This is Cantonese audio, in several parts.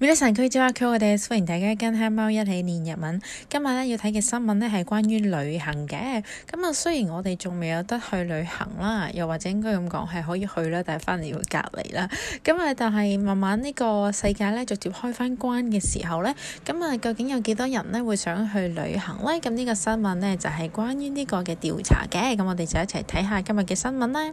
皆さんこんにちは。我哋歡迎大家跟黑貓一起練日文。今日咧要睇嘅新聞咧係關於旅行嘅。咁啊，雖然我哋仲未有得去旅行啦，又或者應該咁講係可以去啦，但係翻嚟要隔離啦。咁啊，但係慢慢呢個世界咧逐漸開翻關嘅時候咧，咁啊究竟有幾多人咧會想去旅行咧？咁呢個新聞咧就係關於呢個嘅調查嘅。咁我哋就一齊睇下今日嘅新聞啦。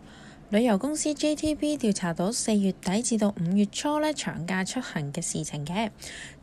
旅遊公司 JTB 調查到四月底至到五月初咧長假出行嘅事情嘅，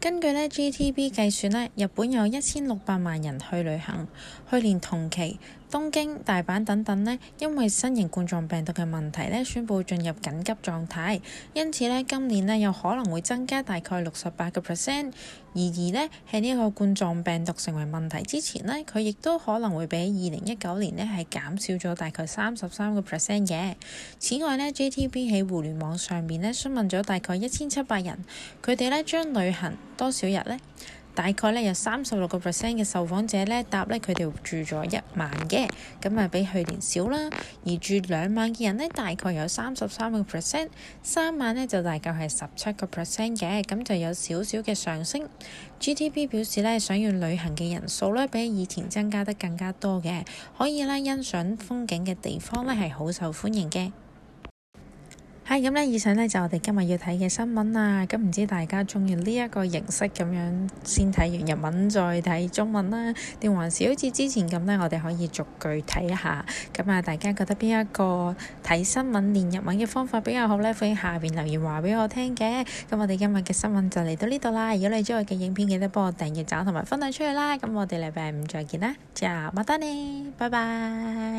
根據咧 JTB 計算咧，日本有一千六百萬人去旅行。去年同期，東京、大阪等等呢因為新型冠狀病毒嘅問題咧，宣布進入緊急狀態，因此咧今年呢有可能會增加大概六十八個 percent，而而呢，喺呢個冠狀病毒成為問題之前呢，佢亦都可能會比二零一九年呢係減少咗大概三十三個 percent 嘅。此外呢 JTB 喺互聯網上面呢詢問咗大概一千七百人，佢哋呢將旅行多少日呢？大概咧有三十六個 percent 嘅受訪者咧答咧，佢哋住咗一晚嘅。咁啊，比去年少啦。而住兩晚嘅人咧，大概有三十三個 percent，三晚咧就大概係十七個 percent 嘅，咁，就有少少嘅上升。G T B 表示咧，想要旅行嘅人數咧比以前增加得更加多嘅，可以咧欣賞風景嘅地方咧係好受歡迎嘅。係咁咧，Hi, 以上咧就我哋今日要睇嘅新聞啦！咁唔知大家鍾意呢一個形式咁樣先睇完日文再睇中文啦。定還是好似之前咁咧，我哋可以逐句睇下？咁啊，大家覺得邊一個睇新聞練日文嘅方法比較好咧？歡迎下邊留言話俾我聽嘅。咁我哋今日嘅新聞就嚟到呢度啦！如果你鍾意嘅影片，記得幫我訂閱找同埋分享出去啦！咁我哋禮拜五再見啦，之後拜拜呢，拜拜。